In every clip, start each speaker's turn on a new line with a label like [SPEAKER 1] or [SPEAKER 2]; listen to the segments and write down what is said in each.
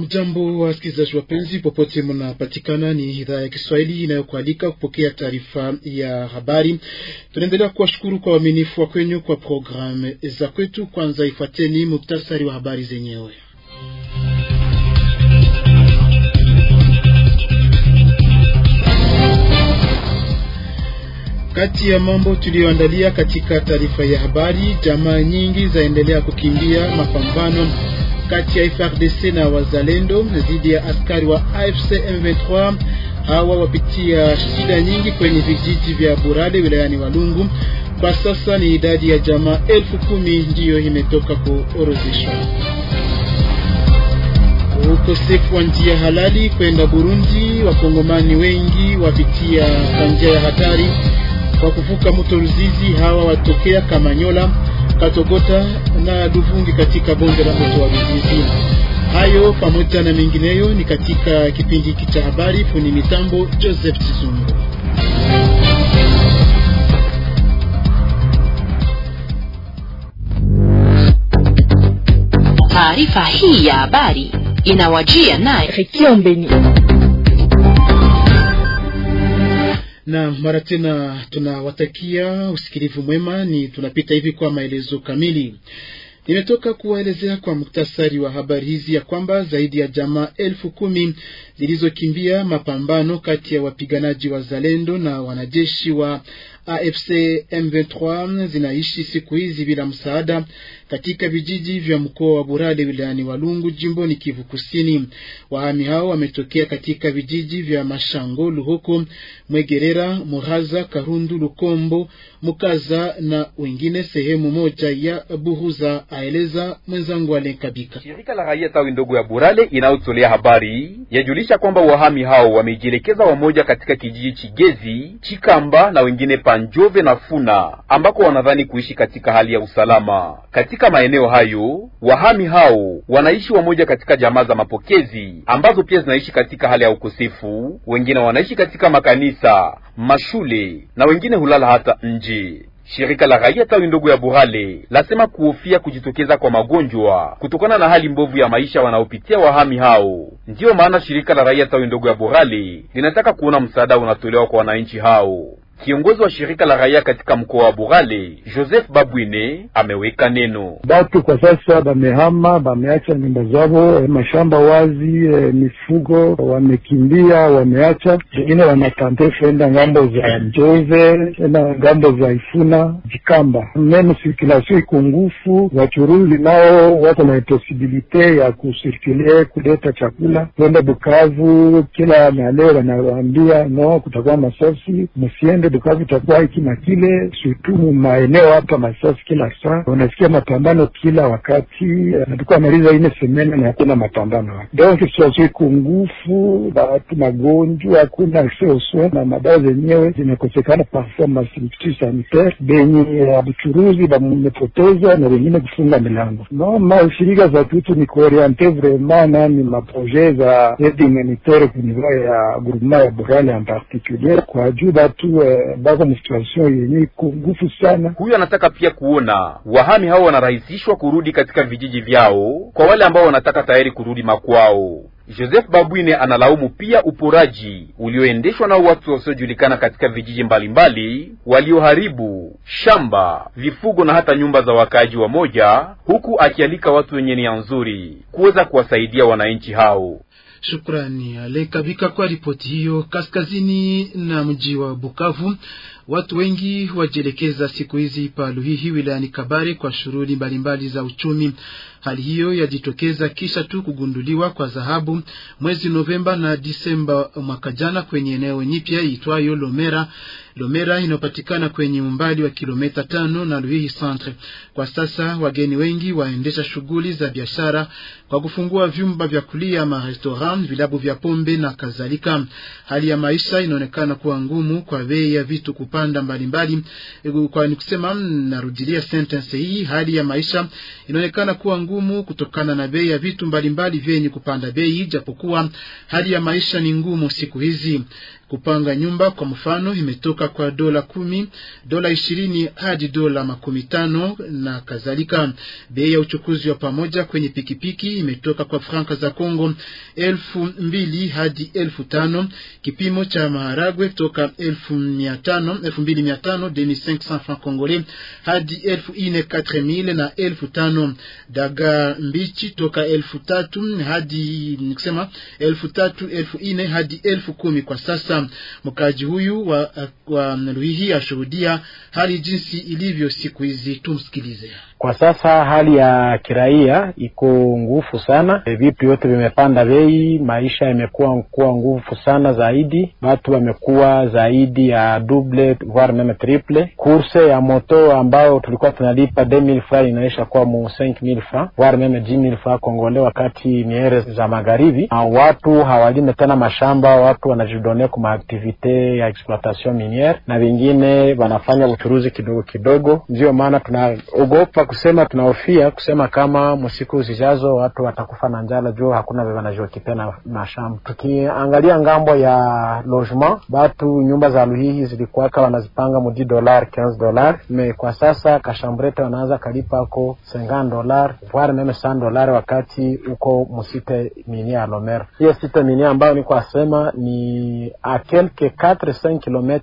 [SPEAKER 1] Mjambo wa wasikilizaji wapenzi, popote mnapatikana, ni idhaa ya Kiswahili inayokualika kupokea taarifa ya habari. Tunaendelea kuwashukuru kwa uaminifu wa kwenyu kwa programu za kwetu. Kwanza ifuateni muktasari wa habari zenyewe. Kati ya mambo tuliyoandalia katika taarifa ya habari, jamaa nyingi zaendelea kukimbia mapambano kati ya FRDC na wazalendo dhidi ya askari wa AFC M23. Hawa wapitia shida nyingi kwenye vijiji vya Burale wilayani Walungu. Kwa sasa ni idadi ya jamaa elfu kumi ndiyo imetoka kuorozeshwa. Ukosefu wa njia halali kwenda Burundi, wakongomani wengi wapitia kwa njia ya hatari kwa kuvuka mto Ruzizi. Hawa watokea Kamanyola Katogota na Luvungi katika bonde la mto wa Bizizi. Hayo pamoja na mengineyo ni katika kipindi hiki cha habari. Funi mitambo Joseph Chizungu.
[SPEAKER 2] Taarifa hii ya habari inawajia naye Rekiombeni.
[SPEAKER 1] na mara tena tunawatakia usikilivu mwema. Ni tunapita hivi kwa maelezo kamili. Nimetoka kuwaelezea kwa muktasari wa habari hizi ya kwamba zaidi ya jamaa elfu kumi zilizokimbia mapambano kati ya wapiganaji wa Zalendo na wanajeshi wa AFC M23 zinaishi siku hizi bila msaada katika vijiji vya mkoa wa Burade wilayani Walungu jimboni Kivu Kusini. Wahami hao wametokea katika vijiji vya Mashango, Luhoko, Mwegerera, Muraza, Karundu, Lukombo, Mukaza na wengine sehemu moja ya Buhuza, aeleza mwenzangu Kabika. Shirika
[SPEAKER 3] la raia tawi ndogo ya Burale inayotolea habari yajulisha kwamba wahami hao wamejielekeza wamoja katika kijiji Chigezi, Chikamba na wengine pa Panjove na Funa ambako wanadhani kuishi katika hali ya usalama. Katika maeneo hayo, wahami hao wanaishi wamoja katika jamaa za mapokezi ambazo pia zinaishi katika hali ya ukosefu. Wengine wanaishi katika makanisa, mashule na wengine hulala hata nje. Shirika la raia tawi ndogo ya Buhale lasema kuhofia kujitokeza kwa magonjwa kutokana na hali mbovu ya maisha wanaopitia wahami hao. Ndiyo maana shirika la raia tawi ndogo ya Buhale linataka kuona msaada unatolewa kwa wananchi hao. Kiongozi wa shirika la raia katika mkoa wa Bugale, Joseph Babwine, ameweka neno.
[SPEAKER 4] Batu kwa sasa bamehama, bameacha nyumba zao, eh, mashamba wazi, e, mifugo wamekimbia, wameacha wengine, wanatante ngambo za Njove na ngambo za Ifuna, Jikamba meme sirkulasio iko ngufu. Wachuruzi nao wako na posibilite ya kusirkule kuleta chakula kwenda Bukavu, kila maleo leo wanawaambia no, kutakuwa masasi, msiende Bukavu itakuwa hiki na kile shutumu maeneo hapa masasi kila saa, unasikia mapambano kila wakati. Nilikuwa maliza ine semena na hakuna mapambano hapa, donc situation batu magonjwa, hakuna soswa na madawa zenyewe zinakosekana, parfois masintu sanitaire benye abuchuruzi bamepoteza na wengine kufunga milango. no mashirika za tutu ni kuoriente vraiment nani maproje za aide humanitaire kunivou ya groupement ya Burale en particulier kwa juu batu eh, bako msituation yenye iko ngufu sana.
[SPEAKER 3] Huyu anataka pia kuona wahami hao wanarahisishwa kurudi katika vijiji vyao kwa wale ambao wanataka tayari kurudi makwao. Joseph Babwine analaumu pia uporaji ulioendeshwa na watu wasiojulikana katika vijiji mbalimbali walioharibu shamba, vifugo na hata nyumba za wakaaji wa moja, huku akialika watu wenye nia nzuri kuweza kuwasaidia wananchi hao.
[SPEAKER 1] Shukrani alekabika kwa ripoti hiyo. Kaskazini na mji wa Bukavu, watu wengi wajielekeza siku hizi pa Luhihi wilayani Kabare kwa shughuli mbalimbali za uchumi. Hali hiyo yajitokeza kisha tu kugunduliwa kwa dhahabu mwezi Novemba na Disemba mwaka jana kwenye eneo nyipya iitwayo Lomera Lomera inayopatikana kwenye umbali wa kilomita tano na Luhihi Centre. Kwa sasa wageni wengi waendesha shughuli za biashara kwa kufungua vyumba vya kulia, marestorant, vilabu vya pombe na kadhalika. Hali ya maisha inaonekana kuwa ngumu kwa bei ya vitu kupanda mbalimbali mbali. Kwa nikusema narudilia sentence hii, hali ya maisha inaonekana kuwa ngumu ngumu kutokana na bei ya vitu mbalimbali vyenye kupanda bei, japokuwa hali ya maisha ni ngumu siku hizi. Kupanga nyumba kwa mfano imetoka kwa dola kumi, dola ishirini hadi dola makumi tano na kadhalika. Bei ya uchukuzi wa pamoja kwenye pikipiki imetoka kwa franka za Kongo elfu mbili hadi elfu tano. Kipimo cha maharagwe toka elfu mia tano, elfu mbili mia tano francs congolais hadi elfu ine katre mile na elfu tano. daga mbichi toka elfu tatu hadi nikusema elfu tatu elfu ine hadi elfu kumi kwa sasa. Mkaaji huyu wa, wa Ruhihi ashuhudia hali jinsi ilivyo siku hizi, tumsikilize.
[SPEAKER 5] Kwa sasa hali ya kiraia iko ngufu sana, eh, vitu vyote vimepanda bei, maisha yamekuwa kuwa ngufu sana zaidi, watu wamekuwa zaidi ya double voire meme triple. Kurse ya moto ambao tulikuwa tunalipa 2000 francs inaisha kuwa mu 5000 francs voire meme 10000 francs Kongole, wakati miere za magharibi watu hawalime tena mashamba, watu wanajidonea kwa activite ya exploitation miniere na vingine wanafanya uchuruzi kidogo kidogo, ndiyo maana tunaogopa kusema tunahofia kusema kama msiku zijazo watu watakufa na njala juu hakuna veva na kipena mashamba. Tukiangalia ngambo ya logement, batu nyumba za luhihi zilikuwaka wanazipanga mudi dolar 15 dolar me kwa sasa kashambrete wanaanza kalipako 50 dolar voire meme 100 dolar, wakati uko musite mini ya Hiyo site mini ambayo ni kwa sema ni a quelque 4 5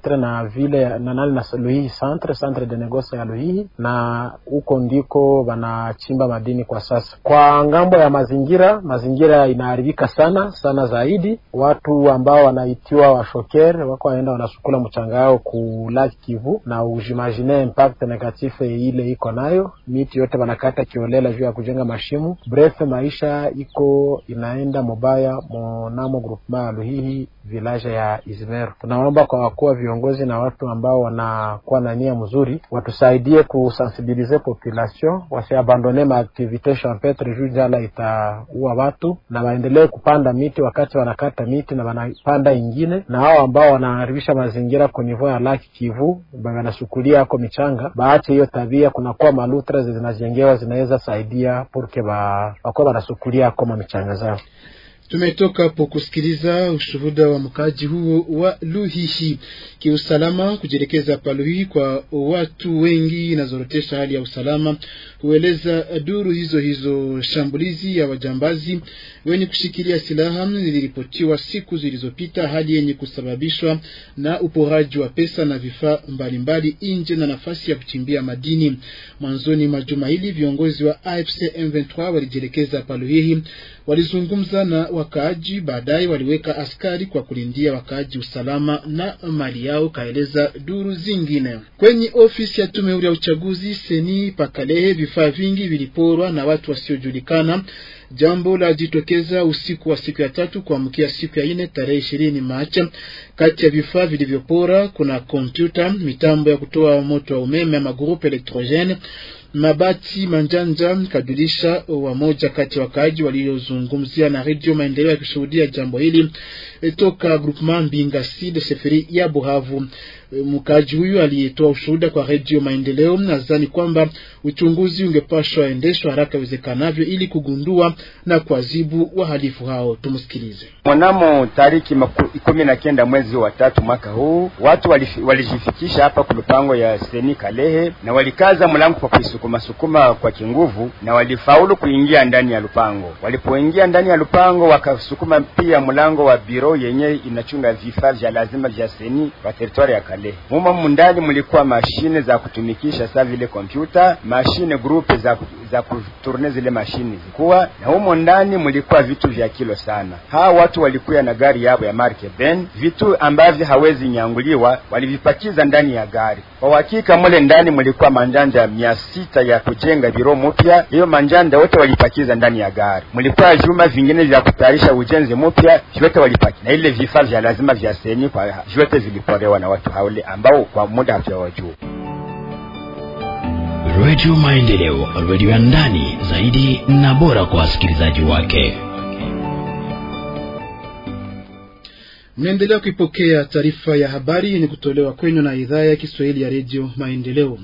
[SPEAKER 5] km na vile na nani na luhihi centre centre de negoce ya luhihi na uko ndi mabadiliko, wanachimba madini kwa sasa. Kwa ngambo ya mazingira, mazingira inaharibika sana sana zaidi. Watu ambao wanaitiwa washoker wako waenda wanasukula mchanga yao ku Lake Kivu, na ujimagine impact negatif ile iko nayo. Miti yote wanakata kiolela juu ya kujenga mashimu brefe, maisha iko inaenda mubaya monamo groupement ya Luhihi vilaja ya Izmero. Tunaomba kwa wakuwa viongozi na watu ambao wanakuwa na nia mzuri watusaidie kusensibilize population population wasiabandone maaktivite champêtre juu jala itaua watu, na waendelee kupanda miti wakati wanakata miti na wanapanda ingine, na hao ambao wanaharibisha mazingira kwa nivou ya laki Kivu wanashukulia ako michanga, baache hiyo tabia. Kunakuwa malutra zinajengewa zinaweza saidia purke wakuwa wanasukulia ako mamichanga zao. Tumetoka po kusikiliza
[SPEAKER 1] ushuhuda wa mkaaji huo wa Luhihi. Kiusalama, kujielekeza pa Luhihi kwa watu wengi inazorotesha hali ya usalama, hueleza duru hizo hizo. Shambulizi ya wajambazi wenye kushikilia silaha liliripotiwa siku zilizopita, hali yenye kusababishwa na uporaji wa pesa na vifaa mbalimbali nje na nafasi ya kuchimbia madini. Mwanzoni mwa juma hili viongozi wa AFC M23 walijielekeza pa Luhihi, walizungumza na wakaaji baadaye waliweka askari kwa kulindia wakaaji usalama na mali yao, kaeleza duru zingine. Kwenye ofisi ya tume huru ya uchaguzi seni Pakalehe, vifaa vingi viliporwa na watu wasiojulikana, jambo la jitokeza usiku wa siku ya tatu kuamkia siku ya nne tarehe ishirini Machi. Kati ya vifaa vilivyopora kuna kompyuta, mitambo ya kutoa moto wa umeme ya magrupu elektrogene Mabati Manjanja kajulisha uh, wamoja kati wakaaji waliozungumzia na redio Maendeleo ya yakishuhudia jambo hili eh, toka groupement Mbinga Sud seferi ya Buhavu. Eh, mkaaji huyu aliyetoa ushuhuda kwa redio Maendeleo nadhani kwamba uchunguzi ungepashwa endeshwa haraka iwezekanavyo ili kugundua na kuadhibu wahalifu hao. Tumsikilize.
[SPEAKER 6] Mwanamo tariki kumi na kenda mwezi wa tatu mwaka huu watu walijifikisha hapa kulupango ya Seni Kalehe na walikaza mlango kwa kuisu sukuma kwa kinguvu, na walifaulu kuingia ndani ya lupango. Walipoingia ndani ya lupango, wakasukuma pia mlango wa biro yenye inachunga vifaa vya lazima vya seni wa teritwari ya kale. Mumo mundani mulikuwa mashine za kutumikisha saa vile kompyuta, mashine grupe za, za kuturne zile mashine zikuwa na, humo ndani mulikuwa vitu vya kilo sana. Hawa watu walikuya na gari yao ya marke Ben, vitu ambavyo hawezi nyanguliwa, walivipakiza ndani ya gari. Kwa hakika mule ndani mulikuwa manjanja mia sita vita ya kujenga biro mupya, hiyo manjanda wote walipakiza ndani ya gari. Mlikuwa vyuma vingine vya kutayarisha ujenzi mupya, vyote walipaki na ile vifaa vya lazima vya seni kwa vyote viliporewa na watu haule ambao kwa muda hawajua. Radio Maendeleo, radio ya ndani zaidi na bora kwa wasikilizaji wake.
[SPEAKER 1] Mnaendelea kuipokea taarifa ya habari yenye kutolewa kwenu na idhaa ya Kiswahili ya Radio Maendeleo.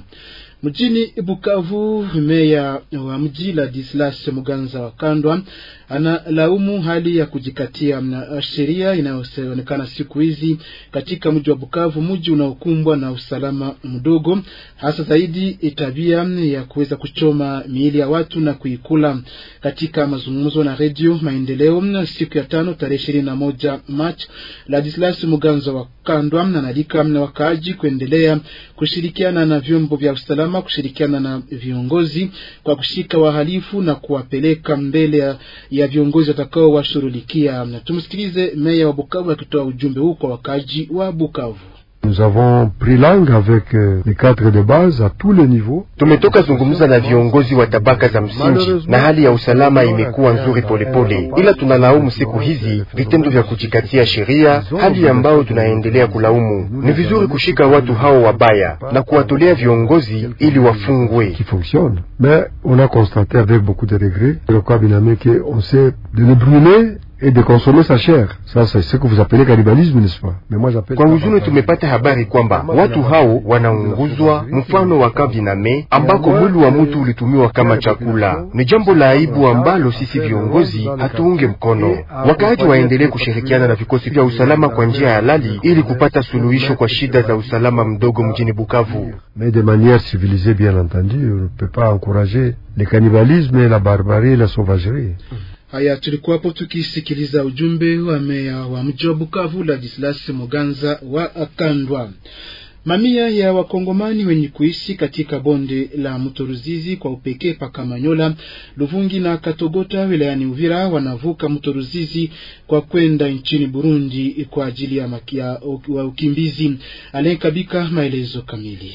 [SPEAKER 1] Mjini Bukavu, meya wa mji Ladislas Muganza wa Kandwa analaumu hali ya kujikatia mm, sheria inayoonekana siku hizi katika mji wa Bukavu, mji unaokumbwa na usalama mdogo, hasa zaidi tabia ya kuweza kuchoma miili ya watu na kuikula. Katika mazungumzo na redio Maendeleo mm, siku ya tano tarehe ishirini na moja Machi, Ladislas Muganza wa Kandwa analika na mm, wakaaji kuendelea kushirikiana na vyombo vya usalama usalama kushirikiana na viongozi kwa kushika wahalifu na kuwapeleka mbele ya, ya viongozi watakao washughulikia. Tumsikilize meya wa Bukavu akitoa ujumbe huu kwa wakaji wa Bukavu.
[SPEAKER 4] Nous avons pris langue avec euh, les cadres de base à tous les niveaux. Tumetoka zungumza na viongozi wa tabaka za msingi na hali ya
[SPEAKER 7] usalama imekuwa nzuri
[SPEAKER 2] polepole pole. Ila tunalaumu siku hizi vitendo vya kujikatia sheria, hali ambayo tunaendelea kulaumu. Ni vizuri kushika watu hao wabaya na kuwatolea viongozi ili
[SPEAKER 4] wafungwe. Mais on a constaté avec beaucoup de regrets le cas Binamé on s'est de le brûler et de consommer sa chair. Ça, c'est ce que vous appelez cannibalisme n'est-ce pas? Mais moi j'appelle
[SPEAKER 2] Kwa huzuni tumepata habari kwamba watu hao wanaunguzwa, mfano wa kaviname ambako mwili wa mtu ulitumiwa kama chakula. Ni jambo la aibu ambalo sisi viongozi hatuunge mkono. Euh, Wakaaji waendelee kushirikiana na vikosi vya usalama kwa njia ya halali ili kupata suluhisho kwa shida za usalama mdogo mjini Bukavu.
[SPEAKER 4] Mais de manière civilisée bien entendu, on ne peut pas encourager le cannibalisme la barbarie la sauvagerie.
[SPEAKER 1] Haya, tulikuwapo tukisikiliza ujumbe wa meya wa mji wa Bukavu Ladislas Moganza wa Akandwa. Mamia ya wakongomani wenye kuishi katika bonde la mto Ruzizi kwa upekee pa Kamanyola, Luvungi na Katogota wilayani Uvira wanavuka mto Ruzizi kwa kwenda nchini Burundi kwa ajili ya ukimbizi. Alain Kabika, maelezo kamili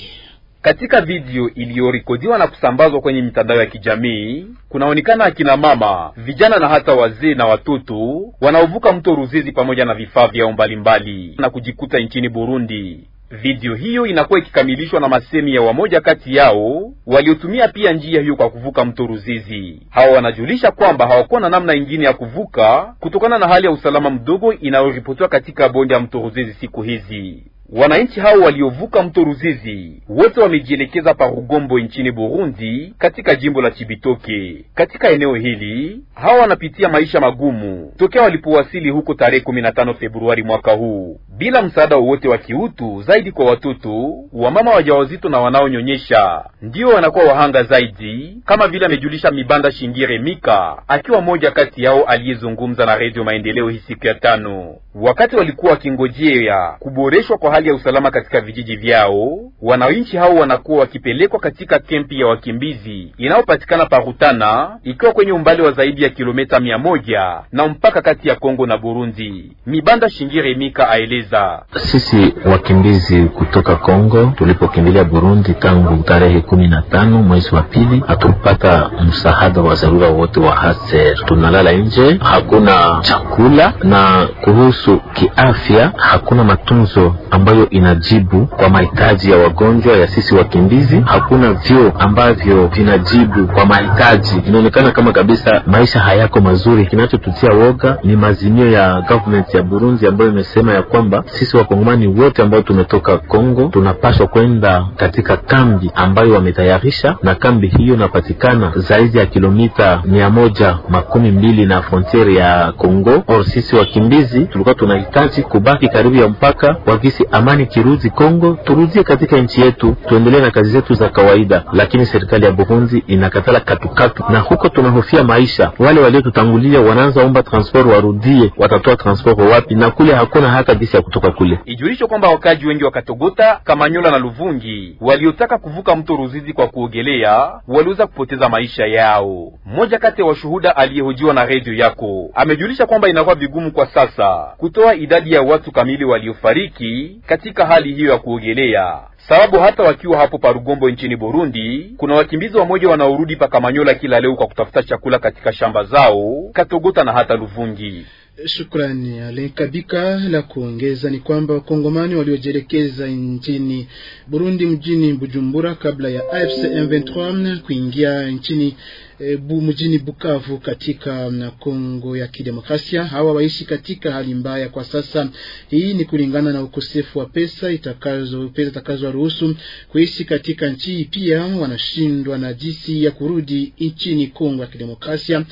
[SPEAKER 3] katika video iliyorekodiwa na kusambazwa kwenye mitandao ya kijamii kunaonekana akina mama, vijana na hata wazee na watoto wanaovuka mto Ruzizi pamoja na vifaa vyao mbalimbali na kujikuta nchini Burundi. Video hiyo inakuwa ikikamilishwa na masemi ya wamoja kati yao waliotumia pia njia hiyo kwa kuvuka mto Ruzizi. Hawa wanajulisha kwamba hawakuwa na namna ingine ya kuvuka kutokana na hali ya usalama mdogo inayoripotiwa katika bonde ya mto Ruzizi siku hizi. Wananchi hao waliovuka mto Ruzizi wote wamejielekeza pa Rugombo nchini Burundi, katika jimbo la Chibitoke. Katika eneo hili hawa wanapitia maisha magumu tokea walipowasili huko tarehe 15 Februari mwaka huu, bila msaada wowote wa kiutu, zaidi kwa watoto wamama wajawazito na wanaonyonyesha, ndiyo wanakuwa wahanga zaidi, kama vile amejulisha Mibanda Shingire Mika, akiwa mmoja kati yao aliyezungumza na Redio Maendeleo hii siku ya tano, wakati walikuwa wakingojea kuboreshwa kwa hali ya usalama katika vijiji vyao, wananchi hao wanakuwa wakipelekwa katika kempi ya wakimbizi inayopatikana Parutana, ikiwa kwenye umbali wa zaidi ya kilomita mia moja na mpaka kati ya Kongo na Burundi. Mibanda Shingire Mika aeleza:
[SPEAKER 2] sisi wakimbizi kutoka Kongo tulipokimbilia Burundi tangu tarehe kumi na tano mwezi wa pili, hatupata msaada wa dharura wote wa haser, tunalala nje, hakuna chakula na kuhusu kiafya hakuna matunzo amba ambayo inajibu kwa mahitaji ya wagonjwa ya sisi wakimbizi. Hakuna vyoo ambavyo vinajibu kwa mahitaji. Inaonekana kama kabisa maisha hayako mazuri. Kinachotutia woga ni maazimio ya government ya Burundi ambayo imesema ya kwamba sisi wakongomani wote ambao tumetoka Kongo tunapaswa kwenda katika kambi ambayo wametayarisha, na kambi hiyo inapatikana zaidi ya kilomita mia moja makumi mbili na frontiere ya Kongo. Or sisi wakimbizi tulikuwa tunahitaji kubaki karibu ya mpaka wakisi amani kirudi Kongo, turudie katika nchi yetu, tuendelee na kazi zetu za kawaida. Lakini serikali ya Burundi inakatala katukatu, na huko tunahofia maisha. Wale waliotutangulia wanaanza omba transport, warudie, watatoa transport wapi? Na kule hakuna hata gisi ya kutoka kule.
[SPEAKER 3] Ijulisho kwamba wakaji wengi wa Katogota, Kamanyola na Luvungi waliotaka kuvuka mto Ruzizi kwa kuogelea waliweza kupoteza maisha yao. Mmoja kati ya washuhuda aliyehojiwa na redio yako amejulisha kwamba inakuwa vigumu kwa sasa kutoa idadi ya watu kamili waliofariki katika hali hiyo ya kuogelea, sababu hata wakiwa hapo Parugombo nchini Burundi, kuna wakimbizi wamoja wanaorudi pakamanyola kila leo kwa kutafuta chakula katika shamba zao Katogota na hata Luvungi.
[SPEAKER 1] Shukrani Alekabika. La kuongeza ni kwamba wakongomani waliojielekeza nchini Burundi mjini Bujumbura kabla ya AFC M23 kuingia nchini e, bu, mjini Bukavu katika na mm, Kongo ya Kidemokrasia. Hawa waishi katika hali mbaya kwa sasa. Hii ni kulingana na ukosefu wa pesa itakazo pesa itakazo ruhusu kuishi katika nchi. Pia wanashindwa na jinsi ya kurudi nchini Kongo ya Kidemokrasia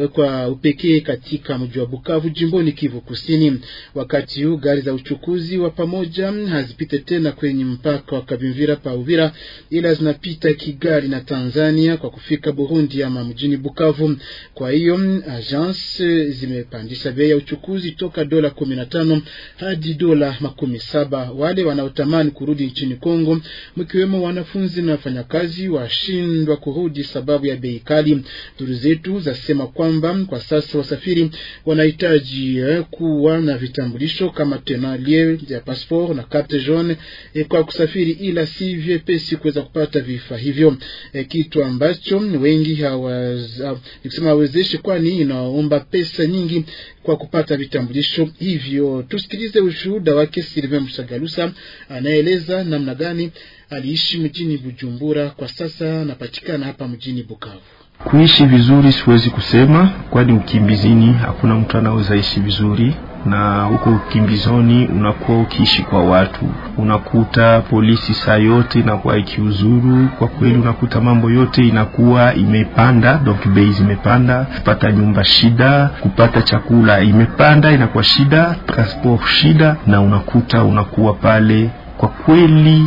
[SPEAKER 1] eh, kwa upekee katika mji wa Bukavu jimboni Kivu Kusini. Wakati huu gari za uchukuzi wa pamoja hazipite tena kwenye mpaka wa Kabimvira pa Uvira, ila zinapita Kigali na Tanzania kwa kufika Burundi ya Nyama mjini Bukavu. Kwa hiyo mm, agence zimepandisha bei ya uchukuzi toka dola 15 hadi dola makumi saba. Wale wanaotamani kurudi nchini Kongo, mkiwemo wanafunzi na wafanyakazi, washindwa kurudi sababu ya bei kali. Duru zetu zasema kwamba kwa sasa wasafiri wanahitaji eh, kuwa na vitambulisho kama tenalie ya passport na carte jaune eh, kwa kusafiri, ila si vyepesi kuweza kupata vifaa hivyo eh, kitu ambacho wengi hao Uh, nikusema hawezeshi, kwani inaomba pesa nyingi kwa kupata vitambulisho hivyo. Tusikilize ushuhuda wake Silve Mshagalusa anaeleza namna gani aliishi mjini Bujumbura, kwa sasa anapatikana hapa mjini Bukavu. Kuishi vizuri siwezi
[SPEAKER 2] kusema, kwani ukimbizini hakuna mtu anaweza ishi vizuri na huko ukimbizoni unakuwa ukiishi kwa watu, unakuta polisi saa yote inakuwa ikiuzuru. Kwa kweli, unakuta mambo yote inakuwa imepanda, donc bei zimepanda, kupata nyumba shida, kupata chakula imepanda, inakuwa shida, transport shida, na unakuta unakuwa pale kwa kweli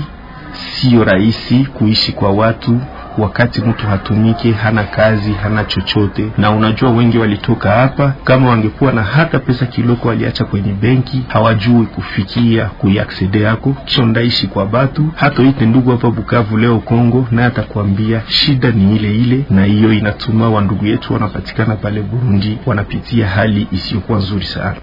[SPEAKER 2] Siyo rahisi kuishi kwa watu wakati mtu hatumike, hana kazi, hana chochote. Na unajua wengi walitoka hapa, kama wangekuwa na hata pesa kiloko waliacha kwenye benki, hawajui kufikia kuyaksede yako, kisha ndaishi kwa batu. Hata ite ndugu hapa Bukavu leo Kongo, naye atakwambia shida ni ile ile, na hiyo inatuma wandugu yetu wanapatikana pale Burundi wanapitia hali isiyokuwa nzuri sana.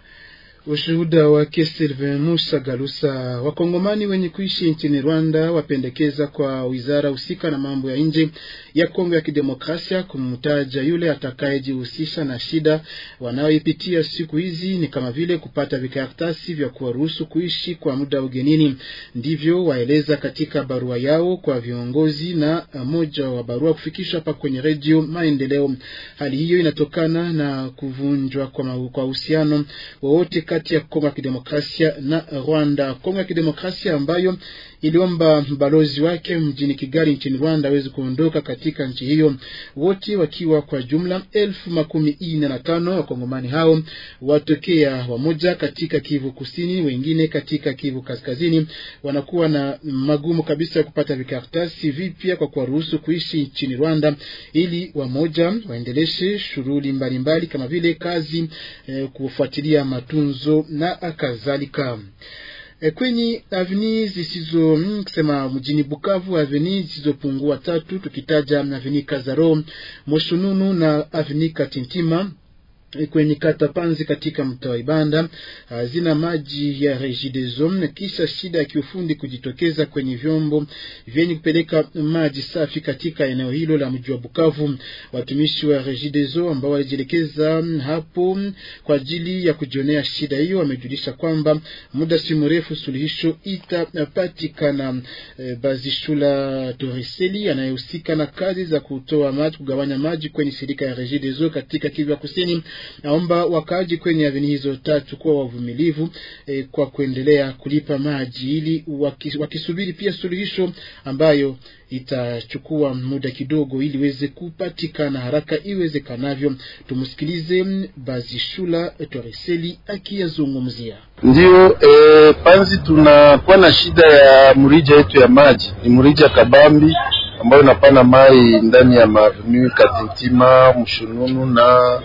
[SPEAKER 1] Ushuhuda wake Sylvain Musa Galusa. Wakongomani wenye kuishi nchini Rwanda wapendekeza kwa wizara husika na mambo ya nje ya Kongo ya Kidemokrasia kumtaja yule atakayejihusisha na shida wanaoipitia siku hizi, ni kama vile kupata vikaratasi vya kuwaruhusu kuishi kwa muda ugenini. Ndivyo waeleza katika barua yao kwa viongozi, na moja wa barua kufikishwa hapa kwenye Redio Maendeleo. Hali hiyo inatokana na kuvunjwa kwa uhusiano wowote kati ya Kongo ya Kidemokrasia na Rwanda. Kongo ya Kidemokrasia ambayo iliomba balozi wake mjini Kigali nchini Rwanda aweze kuondoka katika nchi hiyo, wote wakiwa kwa jumla elfu makumi nne na tano. Wakongomani hao watokea wamoja katika Kivu Kusini, wengine katika Kivu Kaskazini, wanakuwa na magumu kabisa ya kupata vikaratasi vipya kwa kuwaruhusu kuishi nchini Rwanda, ili wamoja waendeleshe shughuli mbalimbali kama vile kazi, eh, kufuatilia matunzo michezo na kadhalika. E, kwenye aveni zisizo hmm, kusema mjini Bukavu, aveni zisizopungua tatu, tukitaja aveni Kazaro, Moshununu na aveni Katintima Eh, kwenye kata Panzi katika mtaa wa Ibanda ah, hazina maji ya Regideso, kisha shida ya kiufundi kujitokeza kwenye vyombo vyenye kupeleka maji safi katika eneo hilo la mji wa Bukavu. Watumishi wa Regideso ambao walijielekeza hapo kwa ajili ya kujionea shida hiyo wamejulisha kwamba muda si mrefu suluhisho itapatikana. E, Bazishula Toriseli anayehusika na kazi za kutoa maji, kugawanya maji kwenye shirika ya Regideso katika Kivu Kusini Naomba wakaaji kwenye aveni hizo tatu kuwa wavumilivu e, kwa kuendelea kulipa maji ili wakis, wakisubiri pia suluhisho ambayo itachukua muda kidogo ili iweze kupatikana haraka iwezekanavyo. Tumsikilize Bazishula Toreseli akiyazungumzia.
[SPEAKER 7] ndio e, panzi tunakuwa na shida ya murija yetu ya maji, ni murija Kabambi ambayo inapana mai ndani ya mavumi Katintima, Mshununu na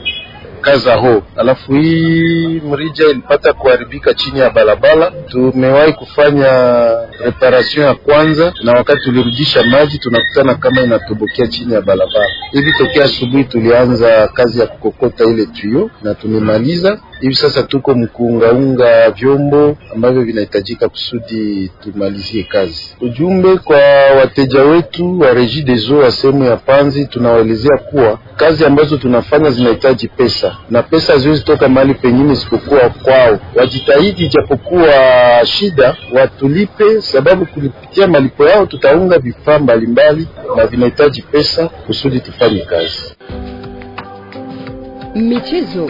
[SPEAKER 7] kaza ho. Alafu hii mrija ilipata kuharibika chini ya barabara, tumewahi kufanya reparation ya kwanza, na wakati tulirudisha maji tunakutana kama inatobokea chini ya barabara hivi. Tokea asubuhi tulianza kazi ya kukokota ile tuyo na tumemaliza. Hivi sasa tuko mkuungaunga vyombo ambavyo vinahitajika kusudi tumalizie kazi. Ujumbe kwa wateja wetu wa regi de zo ya sehemu ya Panzi, tunawaelezea kuwa kazi ambazo tunafanya zinahitaji pesa na pesa haziwezi toka mahali pengine isipokuwa kwao. Wajitahidi, ijapokuwa shida, watulipe, sababu kulipitia malipo yao tutaunga vifaa mbalimbali na vinahitaji pesa kusudi tufanye kazi.
[SPEAKER 6] Michezo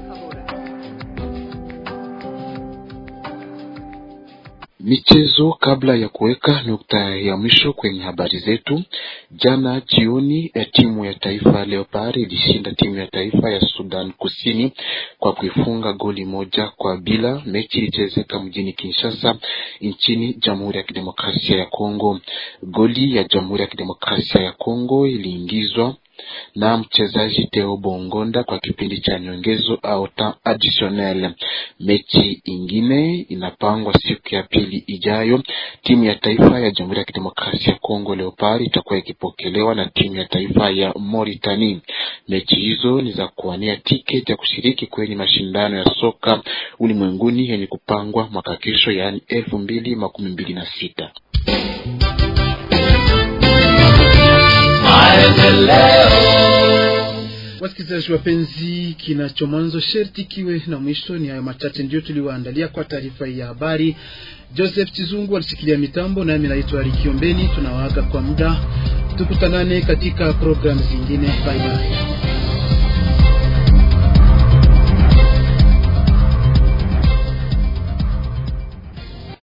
[SPEAKER 1] Michezo kabla ya kuweka nukta ya mwisho kwenye habari zetu. Jana jioni ya eh, timu ya taifa ya Leopard ilishinda timu ya taifa ya Sudan Kusini kwa kuifunga goli moja kwa bila. Mechi ilichezeka mjini Kinshasa nchini Jamhuri ya Kidemokrasia ya Kongo. Goli ya Jamhuri ya Kidemokrasia ya Kongo iliingizwa na mchezaji Theo Bongonda kwa kipindi cha nyongezo au additional. Mechi ingine inapangwa siku ya pili ijayo. Timu ya taifa ya Jamhuri ya Kidemokrasia ya Kongo Leopard itakuwa ikipokelewa na timu ya taifa ya Mauritania. Mechi hizo ni za kuwania tiketi ya kushiriki kwenye mashindano ya soka ulimwenguni yenye kupangwa mwaka kesho, yaani elfu mbili makumi mbili na sita. Wasikilizaji wapenzi, kinacho mwanzo sherti kiwe na mwisho. Ni hayo machache ndio tuliwaandalia kwa taarifa hii ya habari. Joseph Chizungu alishikilia mitambo, nami naitwa Rikiombeni. Tunawaaga kwa muda, tukutanane katika programu zingine.
[SPEAKER 7] Bye bye.